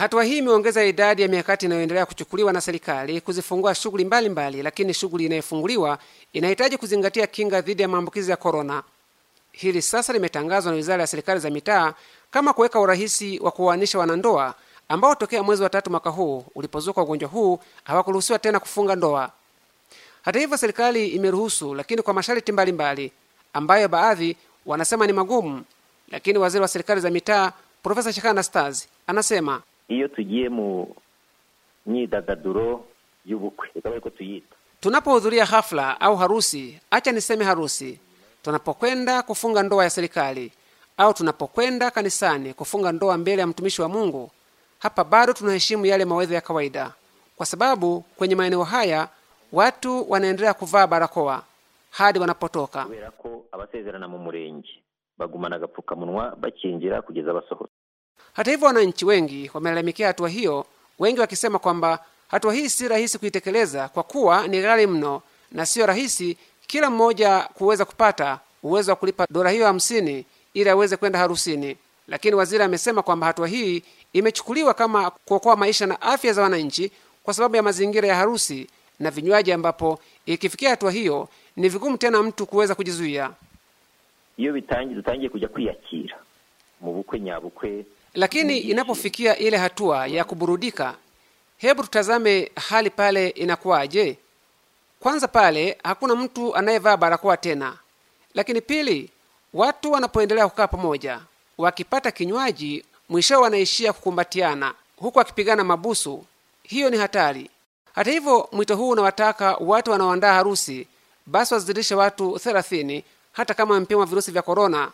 Hatua hii imeongeza idadi ya mikakati inayoendelea kuchukuliwa na serikali kuzifungua shughuli mbalimbali, lakini shughuli inayofunguliwa inahitaji kuzingatia kinga dhidi ya maambukizi ya korona. Hili sasa limetangazwa na wizara ya serikali za mitaa kama kuweka urahisi wa kuwaanisha wanandoa ambao tokea mwezi wa tatu mwaka huu ulipozuka ugonjwa huu hawakuruhusiwa tena kufunga ndoa. Hata hivyo, serikali imeruhusu, lakini kwa masharti mbalimbali ambayo baadhi wanasema ni magumu, lakini waziri wa serikali za mitaa Profesa Shekana Stars anasema iyo tugiye mu myidagaduro y'ubukwe ikaba ariko tuyita tunapohudhuria hafla au harusi, acha niseme harusi, tunapokwenda kufunga ndoa ya serikali au tunapokwenda kanisani kufunga ndoa mbele ya mtumishi wa Mungu, hapa bado tunaheshimu yale mawezo ya kawaida, kwa sababu kwenye maeneo haya watu wanaendelea kuvaa barakoa hadi wanapotoka. Hata hivyo, wananchi wengi wamelalamikia hatua hiyo, wengi wakisema kwamba hatua hii si rahisi kuitekeleza kwa kuwa ni ghali mno na siyo rahisi kila mmoja kuweza kupata uwezo wa kulipa dola hiyo hamsini ili aweze kwenda harusini. Lakini waziri amesema kwamba hatua hii imechukuliwa kama kuokoa maisha na afya za wananchi kwa sababu ya mazingira ya harusi na vinywaji, ambapo ikifikia hatua hiyo ni vigumu tena mtu kuweza kujizuia. iyo bitangiye dutangiye kuja kwiyakira lakini inapofikia ile hatua ya kuburudika, hebu tutazame hali pale inakuwaje. Kwanza pale hakuna mtu anayevaa barakoa tena, lakini pili, watu wanapoendelea kukaa pamoja wakipata kinywaji, mwisho wanaishia kukumbatiana huku akipigana mabusu. Hiyo ni hatari. Hata hivyo, mwito huu unawataka watu wanaoandaa harusi basi wazidishe watu 30 hata kama wamepimwa wa virusi vya korona.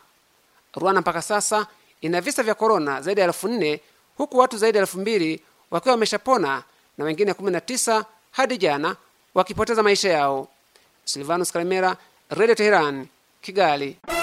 Rwanda mpaka sasa ina visa vya korona zaidi ya elfu nne huku watu zaidi ya elfu mbili wakiwa wameshapona na wengine 19 hadi jana wakipoteza maisha yao. Silvanus Kalemera, Radio Teheran, Kigali.